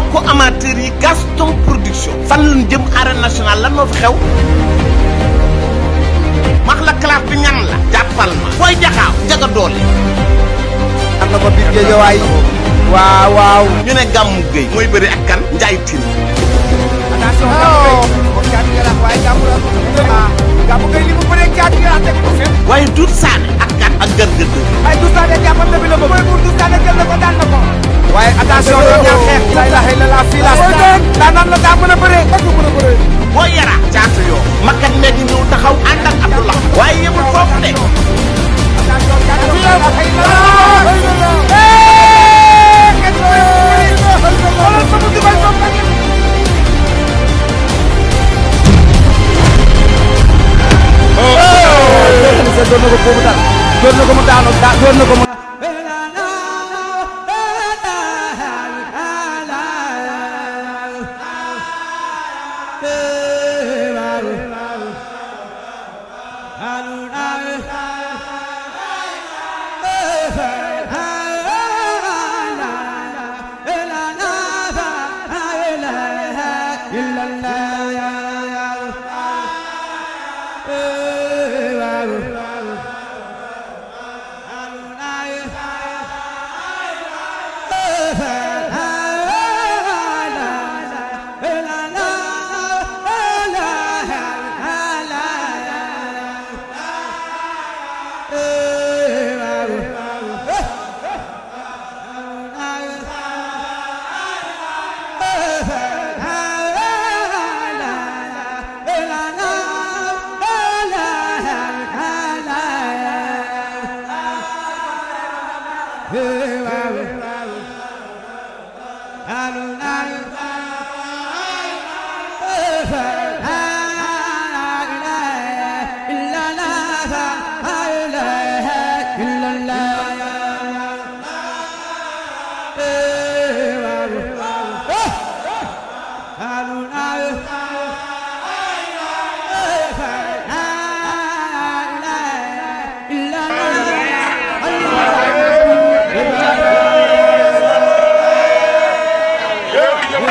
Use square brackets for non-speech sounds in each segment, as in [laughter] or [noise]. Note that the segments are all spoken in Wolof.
mbokku amateurs yi Gaston Production fan lañ jëm arène nationale lan moo fi xew max la classe bi ñan la jàppal ma booy jaxaaw jaga doole am na ko biir géejawaay waaw waaw ñu ne gàmmu géey mooy bëri ak kan njaay tin oh. waaye duut saane ak gën gën ay Toustane jàppante bi la bëgg. mooy buur Toustane jël na ko daan na ko. waaye attention ñoom ñaar xeex. la ilaha illallah fii laa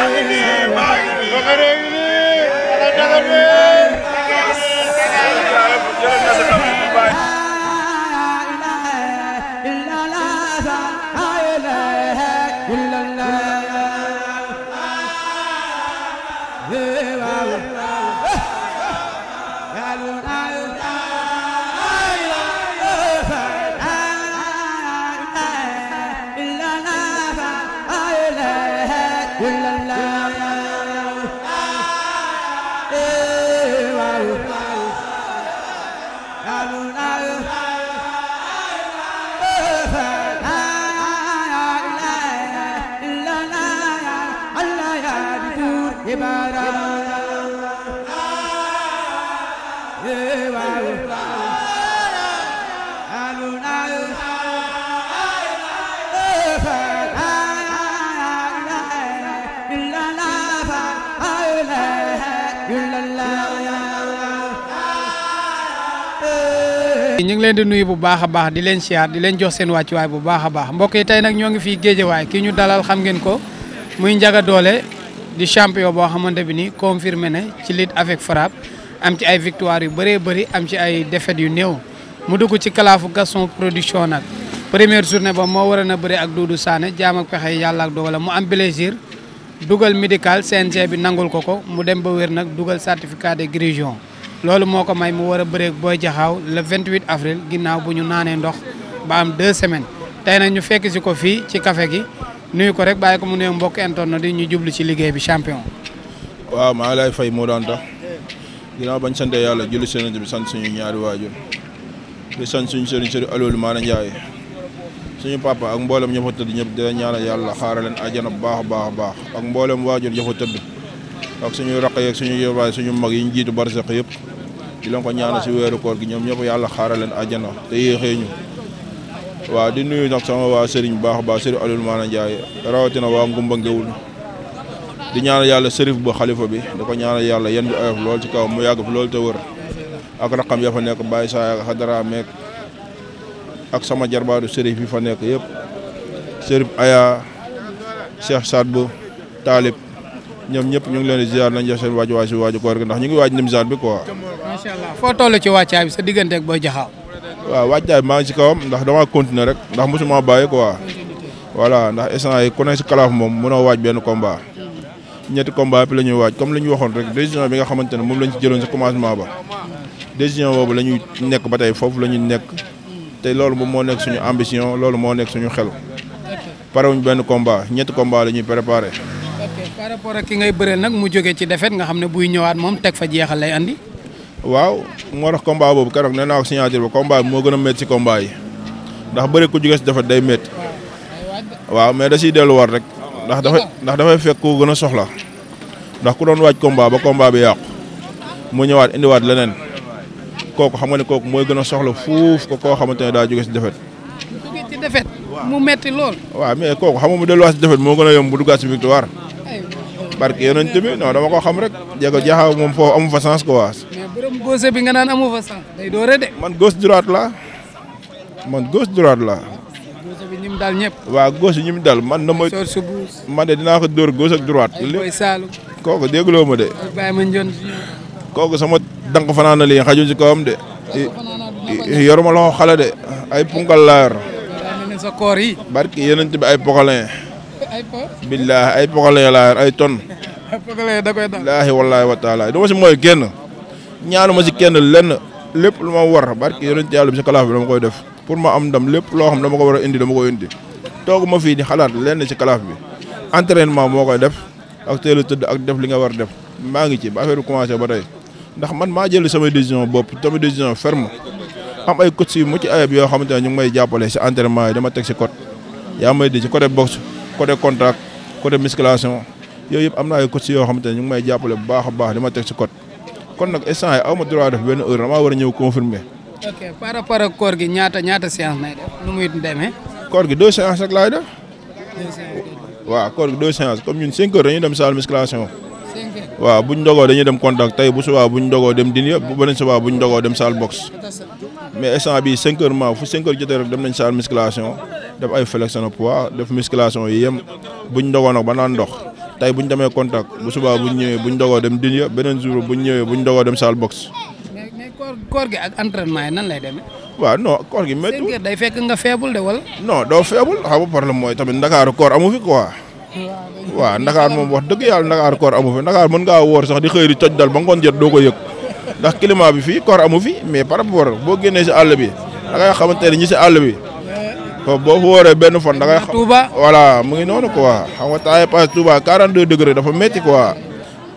Amen. ngi leen di nuyu bu baax a baax di leen siyaar di leen jox seen wàccuwaay bu baax a baax mbokk yi tey nag ñoo ngi fii géejewaay ki ñu dalal xam ngeen ko muy Ndiaga doole di champion boo xamante bi ni confirmé na ci lutte avec frappe am ci ay victoire yu bëree bëri am ci ay défaites yu néew mu dugg ci kalaafu Gaston production nag première journée ba moo wara na bëri ak Doudou saane jaam ak pexe yàlla ak dogalam mu am plaisir dugal médical CNG bi nangul ko ko mu dem ba wér nag dugal certificat de guérison loolu moo ko may mu war a bëreeg Boy Jaxaaw le 28 avril ginnaaw bu ñu naanee ndox ba am deux semaines tey nag ñu fekk si ko fii ci kafe gi nuyu ko rek bàyyi ko mu ne mbokk internet di ñu jublu ci liggéey bi champion. waaw maa ngi lay fay moo daan tax ginnaaw bañ sant yàlla julli seen bi sant suñu ñaari waajur di sant suñu sëriñ sëriñ Aliou Maana Ndiaye suñu papa ak mboolem ña fa tëdd ñëpp dina yàlla xaaral leen àjjana bu baax a baax a baax ak mboolem waajur ña fa tëdd ak suñu raq yeeg suñu yóbbaay suñu mag yi ñu jiitu barsaq yëpp. di leen ko ñaanal si weeru koor gi ñoom ñëpp yàlla xaaral leen àjjana te yéexee ñu waaw di nuyu nag sama waa Serigne baax baax Serigne Aliou Maana Ndiaye rawatina waa Ngumba Ngewul di ñaanal yàlla Serif ba xalifa bi da ko ñaanal yàlla yan bi ayof lool mu yàgg fi lool te wër ak raqam ya fa nekk Baye Saa ak Xadara meek ak sama jarbaadu Serif yi fa nekk yëpp Serif Aya Cheikh Sadbu Taalib ñoom ñëpp ñu ngi leen di ziar nañ jox seen waaj waaj si waaju koor gi ndax ñu ngi waaj nimsaan bi quoi. macha allah foo toll ci sa diggante ak Boy Diakhao. waaw si kawam ndax damaa continuer rek ndax mosuma bàyyi quoi. voilà ndax instant yi ku ne si kalaaf moom mënoo waaj benn combat. ñetti combat bi la ñuy waaj comme li ñu waxoon rek décision bi nga xamante ne moom lañ ci jëloon si commencement ba. décision boobu la ñuy nekk ba tey foofu la ñuy nekk. te loolu moom moo nekk suñu ambition loolu moo nekk suñu xel. parewuñ benn combat ñetti combat la ñuy préparé rapport ak ki ngay bëreel nag mu jóge ci defet nga xam ne buy ñëwaat moom teg fa jeexal lay andi. waaw moo tax combat boobu keroog nee naa ko signature ba kombaa bi moo gën a métti si combat ndax bëri ku jógee si defet day métti. waaw mais da siy delluwaat rek. ndax dafay ndax dafay fekk gën a soxla ndax ku doon waaj combat ba combat bi yàqu mu ñëwaat indiwaat leneen kooku xam nga ne kooku mooy gën a soxla fuuf ko koo xamante ne daa jógee si defet. mu metti lool. waaw mais kooku xam nga mu delluwaat si defet moo gën a yomb bu duggaat si victoire. barke yonent bi noo dama ko xam rek jéego jaxaw moom foofu amu fa sens quoi. bi nga naan amu fa sens man gos droite la man gos droite la. gauche bi ñim dal ñëpp. waaw gauche bi ñim dal man. na ma man de dinaa ko dóor gauche ak droite. ay koy Saalum de. Baye Mandione kooku sama dank fanaan na lii xajul ci kawam de. yoruma loxo xale de ay punkal laa sa koor yi. barke yonent bi ay pokalin. billahi ay pokale laa yor ay tonn billaahi wallaahi wa taala dama si mooy kenn ñaanu ma si kenn lenn lépp lu ma war barke yonent yàlla bi si kalaaf bi dama koy def pour ma am ndam lépp loo xam dama ko war a indi dama ko indi toog ma fii di xalaat lenn si kalaaf bi entraînement moo koy def ak teel a tëdd ak def li nga war def maa ngi ci ba affaire bi commencé ba tey ndax man maa jël sama décision bopp sama décision ferme am ay coach yu mucc ayib yoo xamante ne ñu ngi may jàppale si entraînement yi dama teg si côté yaa may di si côté boxe côté contact côté musculation yooyu yëpp am na ay coach yoo xamante ne ñu ngi may jàppale bu baax a baax di ma teg si code kon nag instant yi aw ma droit def benn heure damaa a ñëw confirmer. ok par rapport ak koor gi ñaata ñaata séance nay def gi deux séances rek laay def. deux ñun cinq heures dañuy dem salle musculation. waaw bu ñu dogoo dañuy dem contact tey bu subaa bu ñu dogoo dem dinañ bu beneen subaa bu ñu dogoo dem saal boxe mais instant bi cinq heures ma fu cinq heures jotee rek dem nañ salle musculation. def ay flexion poids def musculation yi yem buñ dogoo nag ba naan dox tey buñ demee contact bu subaa buñ ñëwee buñ dogoo dem dinya beneen jour buñ ñëwee buñ dogoo dem salle boxe. mais mais koor gi ak entraînement yi nan lay demee. waaw non koor gi métti. day fekk nga faible de wala. non doo faible xam nga mooy tamit ndakaaru koor amu fi quoi. waaw ndakaar moom wax dëgg yàlla ndakaar koor amu fi ndakaar mën ngaa woor sax di xëy di dal ba ngoon jot doo ko yëg ndax climat bi fii koor amu fi mais par rapport boo génnee si àll bi da ngay xamante ne ñi si àll bi foofu boo fa wooree benn fan da ngay. Touba voilà mu ngi noonu quoi xam nga temps yii passé Touba 42 dafa métti quoi.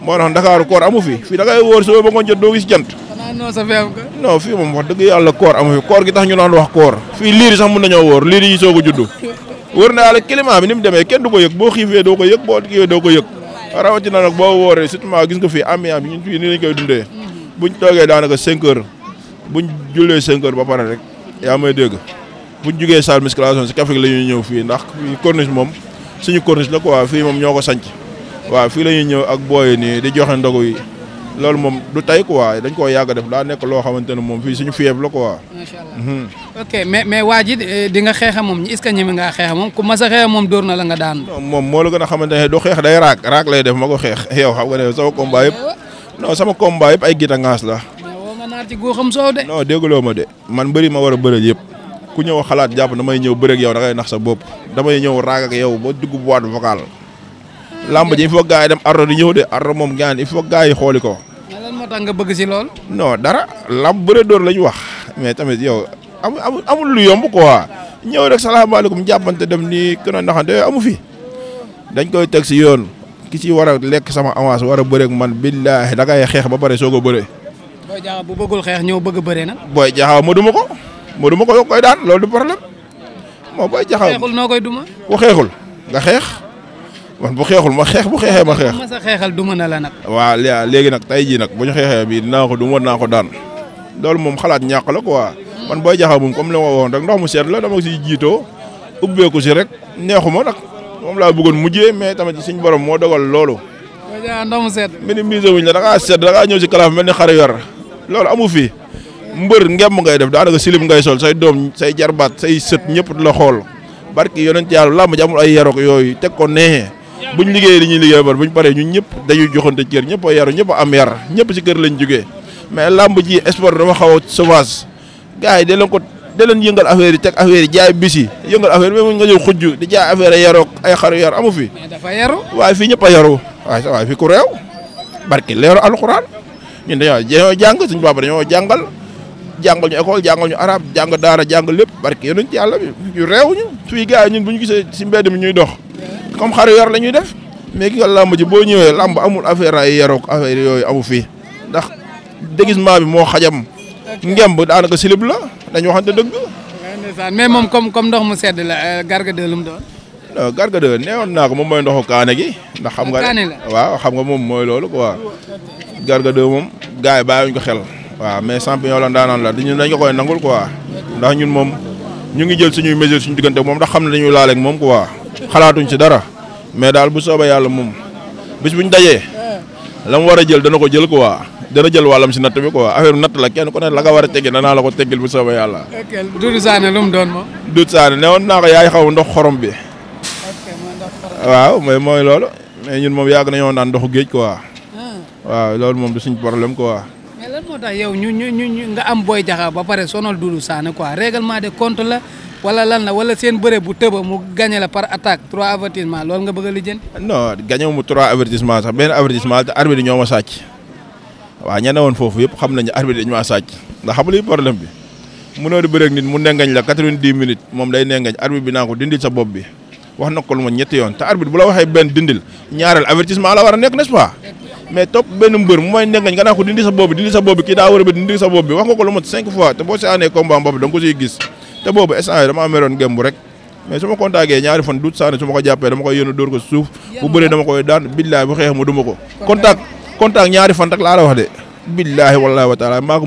moo tax Dakar koor amu fi fii da ngay wóor suba ba ngoon jot doo gis jant. non fii moom wax dëgg yàlla koor amu fi koor gi tax ñu naan wax koor. fii liir sax mun nañoo wóor liir yi soog a juddu. wër na yàlla climat bi ni mu demee kenn du ko yëg boo xiifee doo ko yëg boo kiiwee doo ko yëg rawatina nag boo wooree surtout gis nga fii ambiance bi ñun fii nii lañ koy dundee. Mhm. buñ toogee daanaka 5 heures buñ jullee 5 ba pare rek yaa may dégg. bu ñu jugee salle musculation si Kaffrine la ñuy ñëw fii ndax corniche moom suñu corniche la quoi fii moom ñoo ko sanc waaw fii la ñuy ñëw ak booy nii di joxe ndogu yi loolu moom du tey quoi dañ koo yàgg def daa nekk loo xamante ne moom fii suñu fièvre la quoi. macha allah mhm. mais waa ji eh, di nga xeex moom est ce que ngaa xeex moom ku mas a xeex moom na la nga daan. moom moo la gën a xamante ne du xeex day raak raak lay def ma ko xeex [laughs] yow xam nga ne sama combat yëpp non sama combat yëpp ay gitaŋaas la. mais woo nga naar de. non dégguloo ma de man bëri ma war a bëral yëpp ku ñëw xalaat jàpp damay ñëw bëreeg yow da ngay nax sa bopp damay ñëw raag ak yow ba dugg boîte vocale lamb ji il faut gars yi dem ardo di ñëw de ardo si lool. non dara lamb bëre dóor la ñu wax mais tamit yow amul amul lu yomb wa ñëw rek salaamaaleykum jàppante dem ni kën a naxante amu fi dañ ko teg si yoon ki ci war a lekk sama avance war a bëreeg man billaahi da ngay xeex ba pare soog a bëre. bu bëggul xeex ñëw a bëre nag. Modou ma ko koy daan loolu du problème moo booy jaxaw xeexul noo koy duma. bu xeexul nga xeex man bu xeexul ma xeex bu xeexee ma xeex. ma sa xeexal duma na la nag. waaw léegi nag tey jii nag bu ñu xeexee bii dinaa ko duma naa ko daan loolu moom xalaat ñàkk la quoi man booy jaxaw moom comme li ma waxoon rek ndox mu seet la dama si jiitoo ubbeeku si rek neexuma nag moom laa bëggoon mujjee mais tamit suñ borom moo dogal loolu. waaw ndox mu seet. minimiser wuñ la da ngaa seet da ngaa ñëw si kalaaf mel ni xar yor loolu amu fi. mbër ngemb ngay def daanaka silib ngay sol say doom say jarbaat say sët ñëpp di la xool barki yonent yàlla làmb ji amul ay yarok yooyu teg ko neexee buñ liggéeyee li ñuy liggéey bar buñ paree ñun ñëpp dañuy joxante kër ñëpp a yaru ñëpp a am yar ñëpp si kër lañ jógee mais làmb ji yi da leen ko da leen yëngal affaire yi teg affaire yi di jaay affaire yi yarook ay xaru yar amu fi. mais dafa yaru. waaye fii ñëpp a yaru waaye sa waaye fii ku réew barki leeru alxuraan ñun dañoo jàng suñu papa dañoo jàngal jàngal ñu école jàngal ñu arab jàng daara jàng lépp barke yéen ci yàlla yu réew ñu. suy gars yi bu ñu gisee si mbedd mi ñuy dox comme xaru yor la ñuy def mais ki nga làmb ji boo ñëwee làmb amul affaire ay yarook affaire yooyu amu fii ndax déguisement bi moo xajam. ngemb daanaka silib la dañ waxante dëgg. mais moom comme comme ndox mu sedd la euh, garga de lu mu doon. garga de neewoon naa ko moom mooy ndoxu kaane gi. ndax xam nga waaw xam nga moom mooy loolu quoi. garga moom gars yi bàyyiwuñ ko xel. waaw mais champion la ndaanaan la ñun dañ ko koy nangul quoi ndax ñun moom ñu ngi jël suñuy mesure suñu diggante moom ndax xam ne dañuy laaleeg moom ko quoi xalaatuñ si dara mais daal bu soobee yàlla moom bis bu ñu dajee la mu war a jël dana ko jël ko waa dana jël wàllam si natt bi quoi affaire natt la kenn ko ne la nga war a teggee danaa la ko teggil bu soobee yàlla. ok Doudou Sané doon moom. Doudou Sané ne woon naa ko yaay xaw ndox xorom bi. waaw mais mooy loolu mais ñun moom yàgg nañoo naan ndoxu géej quoi. Ah. loolu moom du suñ problème quoi. moo tax yow ñu ñu ñu nga am Boy Jaxaw ba pare sonal Doudou Sané quoi règlement de compte la wala lan la wala seen bëre bu tëba mu gagné la par attaque trois avertissement loolu nga bëgg a lijjanti. non gagné mu trois avertissement sax benn avertissement te arbitre ñoo ma sàcc waaw ña ne woon foofu yëpp xam nañu arbitre dañu maa sàcc ndax xam luy problème bi mënoo di bëre ak nit mu nengañ la quatre-vingt-dix minutes moom day nengañ arbitre bi naa ko dindil sa bopp bi wax na ko lu ma ñetti yoon te arbitre bu la waxee benn dindil ñaareel avertissement la war a nekk n'est-ce pas. mais topp benn mbër mooy nekkañ nga naa ko dindi sa boobu dindi sa boobu kii daa war a dindi sa boobu wax nga ko lu mot cinq fois te boo si aanee combat boobu da gis te boobu instant yi dama meroon rek mais su ma kontaagee ñaari fan duut saane su ma ko jàppee dama koy yéen a dóor ko suuf bu bëree dama koy daan billaahi bu xeex ma duma ko contact contact ñaari fan rek laa wax de billaahi wallaahi wa taala maa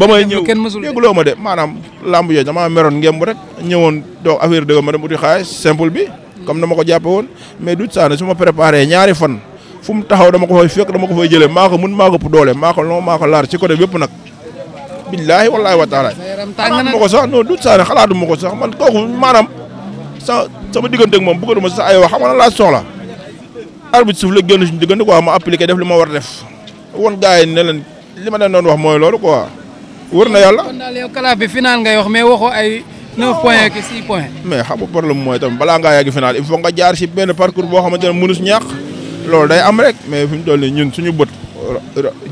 ba may ñëw dégguloo ma de maanaam lamb yooyu dama meroon ngemb rek ñëwoon toog affaire dëgg ma dem uti xaalis simple bi comme na ma ko jàppe woon mais Doudou Sané su ma préparé ñaari fan fu mu taxaw dama ko fay fekk dama ko fay jëlee maa ko mun maa ko ëpp doole maa ko non maa ko laar ci nag billaahi wallaahi wa taala xalaatu ma ko sax non Doudou Sané xalaatu ma ko sax man kooku maanaam sa sama digganteeg moom bëggatu ma sax ay wax xam nga laa soxla arbitre suuf la génn suñu diggante quoi ma appliqué def li ma war def woon gars yi li ma leen doon wax mooy loolu quoi wër na yàlla. 9 points ak 6 points. mais xam nga problème mooy tamit balaa ngaa yegg final il faut nga jaar si benn parcours boo xamante ne mënus ñàkk loolu day am rek mais fi mu toll nii ñun suñu bët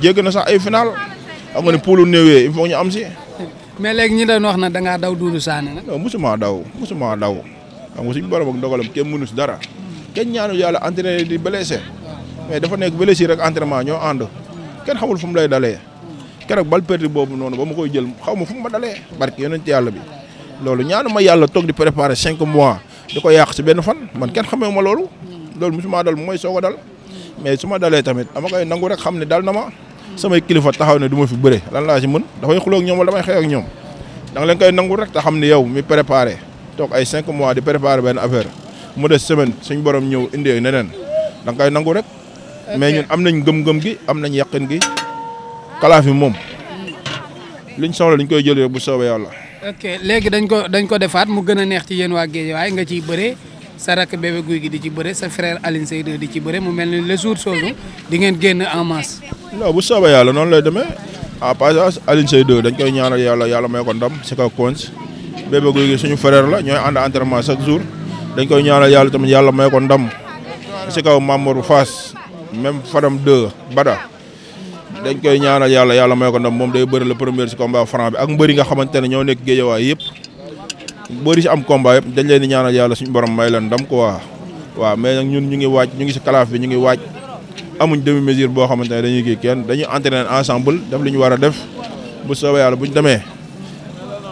jégg na sax ay final xam nga ne poulu néewee il faut ñu am si. mais léegi ñi doon wax na da ngaa daw Doudou Sané nag. non mosuma daw mosuma daw xam nga suñu borom ak ndogalam kenn mënus dara kenn ñaanu yàlla entraîné di blessé mais dafa nekk blessé rek entraînement ñoo ànd kenn xamul fu mu lay dalee keroog bal perdu boobu noonu ba ma koy jël xaw ma fu mu ma dalee. barke yonent yàlla bi. loolu ñaanu ma yàlla toog di préparer cinq mois di ko yàq si benn fan man kenn xamee ma loolu. Hmm. loolu musuma dal mooy soog a dal. mais su ma dalee tamit dama koy nangu rek xam ne dal na ma. samay kilifa taxaw ne du ma fi bëre lan laa si mën dafay xuloo ak ñoom wala damay xeex ak ñoom. da nga leen koy nangu rek te xam ne yow mi préparé toog ay cinq mois di préparé benn affaire mu des semaine suñ borom ñëw indee neneen da nga koy nangu rek. mais ñun am nañ gëm-gëm gi am nañ yàqin gi. kalaaf yi moom. Hmm. liñ soxla liñ koy jël bu soobee yàlla. ok léegi dañ ko dañ ko defaat mu gën a neex ci yéen waa Guédiawaye nga ciy bëree sa rakk bébé guy gi di ci bëre sa frère Alioune Seye di ci bëre mu mel ni les jours soosu di ngeen génn en masse. non bu soobee yàlla noonu lay deme à passage Alioune Seye dañ koy ñaanal yàlla yàlla may ko ndam si kaw Koons bébé guy suñu frère la ñooy ànd entraînement chaque jour dañ koy ñaanal yàlla tamit yàlla may ko ndam si kaw Mamour Fass même Fadam 2 Bada. dañ koy ñaanal yàlla yàlla may ko moom day bëri le premier ne ñoo nekk géejawaay dañ leen di ñaanal yàlla suñu borom may leen ndam quoi waaw mais ñun ñu ngi waaj ñu ngi si kalaaf bi ñu ngi waaj amuñ demi mesure boo xamante ne dañuy kii kenn dañuy entre ensemble def li ñu war a def bu soobee yàlla buñ demee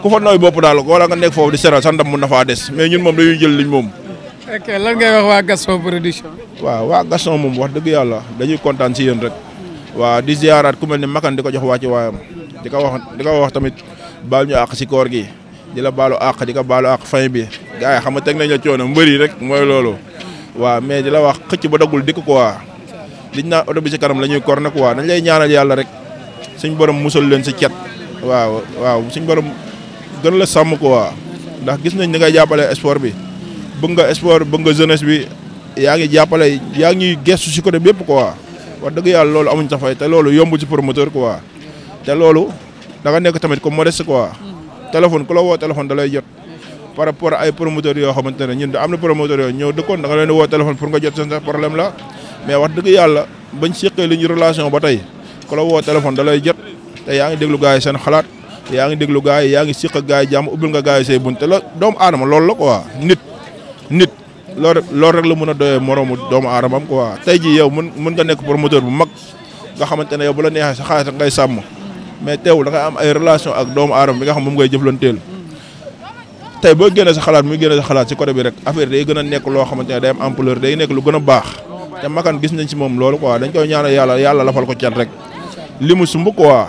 ku fa nooy bopp daal wala nga nekk foofu di seral sa ndam mun na des mais ñun moom dañuy jël liñ moom. ok lan ngay wax waa waaw waa Gaston moom wax dëgg yàlla dañuy kontaan si yéen rek waaw di ziaraat ku mel ni makan di ko jox wàcc waayam di ko wax di ko wax tamit baal ñu àq si koor gi di la baalu àq di ko baalu àq fin bi gars yi xam teg nañ la coono mbër yi rek mooy loolu waaw mais di la wax xëcc ba dagul dikk waa liñ naan oto bi si kanam la ñuy kor na waaw dañ lay ñaanal yàlla rek suñ borom musal leen si cet waaw waaw suñ borom gën la ko waa ndax gis nañ ni ngay jàppale sport bi bëgg nga sport bëgg nga jeunesse bi yaa ngi jàppale yaa ngi gestu si côté bépp quoi wax dëgg yàlla loolu amuñ tafay te loolu yombu ci promoteur quoi te loolu da nga nekk tamit comme modeste quoi téléphone ku la woo téléphone da lay jot par rapport ay promoteurs yoo xamante ne ñun da am na promoteurs yooyu ñëw dëkkoon da nga leen di woo téléphone pour nga jot seen problème la mais wax dëgg yàlla bañ seqee li ñu relation ba tey ku la woo téléphone da lay jot te yaa ngi déglu gars yi seen xalaat yaa ngi déglu gars yaa ngi seq ak gars ubbil nga gars yi say la doomu aadama loolu la quoi nit nit loolu rek loolu rek la mun a doyee moroomu doomu aadamam quoi tey jii yow mën mën nga nekk promoteur bu mag nga xamante ne yow bu la neexee sa xaalis ngay sàmm mais teewul da nga am ay relation ak doomu aadama bi nga xam moom ngay jëflanteel tey boo génnee sa xalaat muy génnee sa xalaat si côté bi rek affaire day gën a loo xamante ne day am ampleur day nekk lu gën a baax te makan gis na si moom loolu quoi dañ koy ñaanal yàlla yàlla lafal ko cat rek li mu sumb quoi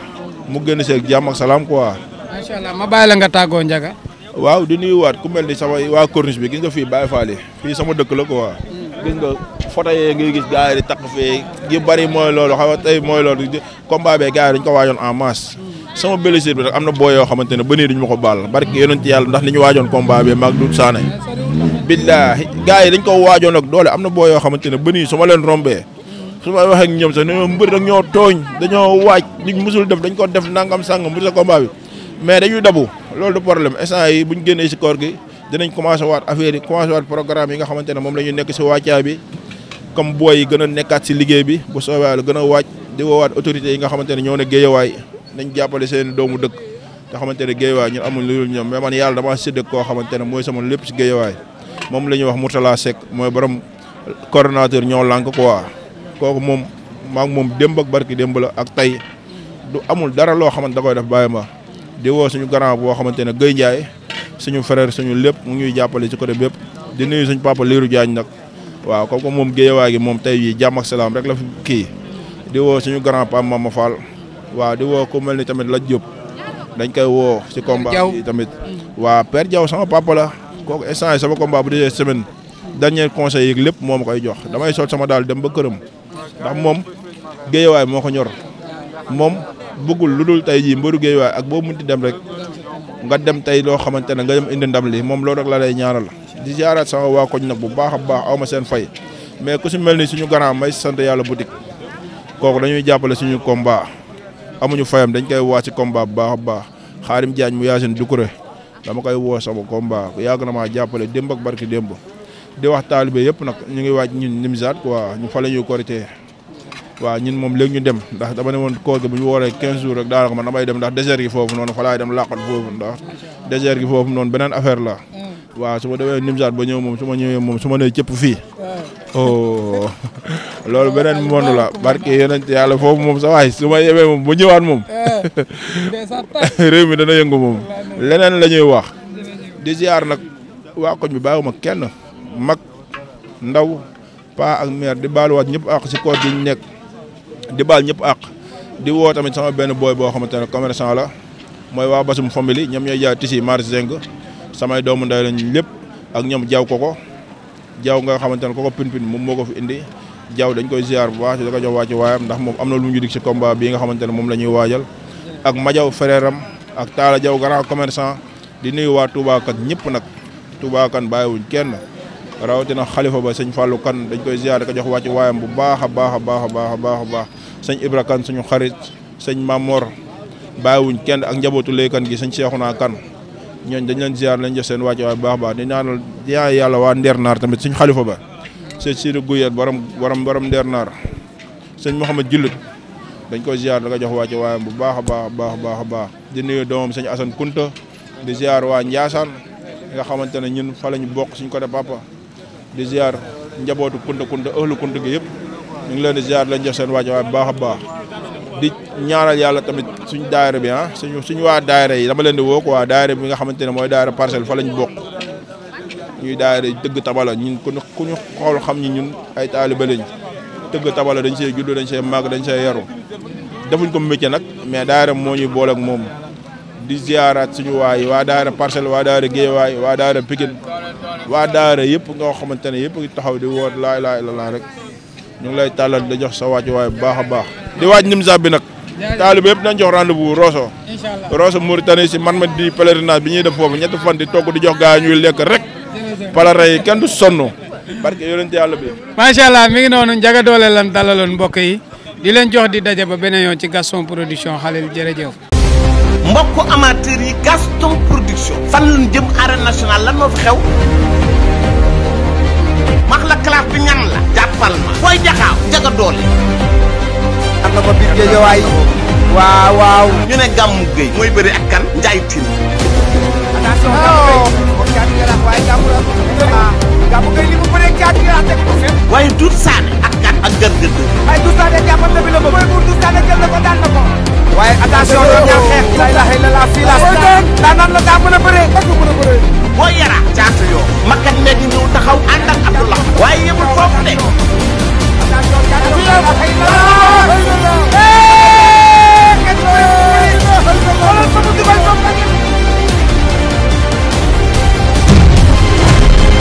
mu génn seeg jàmm ak salaam quoi. macha ma bàyyi la tàggoo Ndiaga waaw di nuyuwaat ku mel ni sama waa corniche bi gis nga fii Baye Fall yi sama dëkk la quoi. gis nga photo yee ngay gis gars yi di takk fee yu bëri mooy loolu xam nga tey mooy loolu combat bee gars yi dañu ko waajoon en masse. sama blessure bi nag am na boo yoo xamante ne ba nii duñu ma ko baal barki yonent yàlla ndax li ñu waajoon combat bi maag yi dañ ko waajoon ak doole am na boo yoo xamante ne ba nii su ma leen rombee. su ma waxee ak ñoom sax ne mbër rek ñoo tooñ dañoo waaj li musul def dañ ko def nangam sàngam bu sa combat bi. mais dañuy dabu loolu du problème instant yi bu ñu génnee si koor gi dinañ commencé waat affaire yi commencé waat programme yi nga xamante ne moom la ñuy nekk si wàccaa bi comme booy gën a nekkaat si liggéey bi bu soobee la gën a waaj di woowaat autorité yi nga xamante ne ñoo ne géejawaay nañ jàppale seen doomu dëkk nga xamante ne géejawaay ñun amuñ lu dul ñoom mais man yàlla damaa séddëk koo xamante ne mooy sama lépp si géejawaay moom la ñuy wax Mourtala Seck mooy borom coordonnateur ñoo lànk quoi kooku moom maa moom démb ak barki démb la ak tey du amul dara loo xamante da koy def bàyyi ma di woo suñu grand boo xamante ne gay Ndiaye suñu frère suñu lépp mu ngi ñuy jàppale ci côté bépp di nuyu suñu papa Lirou jaañ nag waa comme que moom géejewaay gi moom tey jii jàmm ak salaam rek la fi kii di woo suñu grand papa Mama Fall waaw di woo ku mel ni tamit la Diop dañ koy woo si komba bi tamit waa per Diaw sama papa la kooku instant sama combat bu dee semaine dernier conseil yi lépp moo ma koy jox damay soot sama daal dem ba këram ndax moom géejewaay moo ko ñor bëggul lu dul tey jii mbaru waay ak boo munti dem rek nga dem tey loo xamante ne nga dem indi ndam li moom loolu rek la lay ñaanal di jaaraat sama waa koñ nag bu baax a baax aw ma seen fay mais ku si mel ni suñu garaam may sant yàlla boutique kooku dañuy jàppale suñu combat amuñu fayam dañ koy waa ci combat bu baax a baax xaarim Diagne mu yaasin Dukure dama koy woo sama combat yàgg na maa jàppale démb ak barki démb di wax taalibe yëpp nag ñu ngi waaj ñun Nimzaat ñu fa la ñuy korité waaw ñun moom léegi ñu dem ndax dama ne woon koor bu ñu wooree 15 jours rek daanaka man damay dem ndax désert gi foofu noonu fa laay dem làqat foofu ndax désert gi foofu noonu beneen affaire la mm. waaw su ma demee Nimsaat ba ñëw moom su ma ñëwee moom su ma nee cëpp fii mm. oh [laughs] loolu beneen monde la barke yonent yàlla foofu moom sa waay su ma yemee moom bu ñëwaat moom eh, [laughs] réew mi dana yëngu moom leneen la ñuy wax di ziar nag waa koñ bi bàyyiwuma kenn mag ndaw paa ak meer di baaluwaat ñëpp ak si koor gi ñu nekk di baal ñëpp àq di woo tamit sama benn booy boo xamante ne commerçant la mooy waa basum famille ñoom ñooy jaay tisi marché zeng samay doomu nday lañ lépp ak ñoom jaw ko ko jaw nga xamante ne koko pin pin moom moo ko fi indi jaw dañ koy ziar bu baax di ko waaj waa waayam ndax moom am na lu ñu dig si combat bii nga xamante ne moom la waajal ak majaw frère am ak taala jaw gara commerçant di nuyu waa Touba Kane ñëpp nag Touba Kane bàyyiwuñ kenn rawatina xalifa ba sëñ Fallou Kane dañ koy ziar di ko jox wàcc waayam bu baax a baax a baax a baax baax a baax sëñ Ibra Kane suñu xarit sëñ Mamor bàyyiwuñ kenn ak njabootu Leykan gi sëñ Cheikhouna Kane ñooñ dañ leen ziar lañ jox seen wàcc waay baax a baax di ñaanal yaa yàlla waa Nder Naar tamit suñ xalifa ba sëñ Sidi Guyet borom borom borom Nder Naar sëñ Mouhamed Jullit dañ koy ziar da ko jox wàcc waayam bu baax a baax a baax a baax di nuyu doomam sëñ Assane Kunta di ziar waa Ndiassane nga xamante ne ñun fa la bokk suñ côté papa di ziar njabootu kunta kunta ëxlu kunta gi yëpp ñu leen di ziar leen jox seen waajowaay bu baax a baax di ñaanal yàlla tamit suñu daayira bi ah suñ suñu waa daayira yi dama leen di woo quoi daayira bi nga xamante ne mooy daayira parcelle fa lañ bokk ñuy daayira dëgg tabala ñun ku ñu xool xam ñi ñun ay taalibe lañ dëgg tabala dañ see juddu dañ see màgg dañ see yaru defuñ ko métier nag mais daayira moo ñuy boole ak moom di ziaraat suñu waay waa daara parcelle waa daara géewaay waa daara Pikine waa daara yëpp nga xamante ne yëpp ngi taxaw di woot laa ilaaha illallaah rek ñu ngi lay tàllal da jox sa wàcc waay bu baax a baax di waaj Nimza bi nag taalibe yëpp nañ jox rendez-vous Rosso Rosso Mauritanie si man ma di pèlerinage bi ñuy def foofu ñetti fan di togg di jox gaa ñuy lekk rek palara yi kenn du sonn barke yonent yàlla bi macha allah mi ngi noonu njaga doole lan dalaloon mbokk yi di leen jox di daje ba beneen yoon ci Gaston Production xalil jërëjëf mbokk amateur yi Gaston Production fan lañ jëm arène nationale lan moo fi xew max la classe bi ñan la jàppal ma booy jaxaaw jaga ko biir géejawaay waaw waaw ñu ne gàmmu géey mooy bëri ak kan njaay tin oh. waaye ah, duut saane ak kan ak gërgëd waaye duut waaye attention ñoom ñaar xeex bi. la ilaha illallah fii laa si daan daan bëree. ak mën a bëree. boo yara caatu yoo. makkat ne di ñëw taxaw ànd ak Abdullah. waaye yëmul foofu de. attention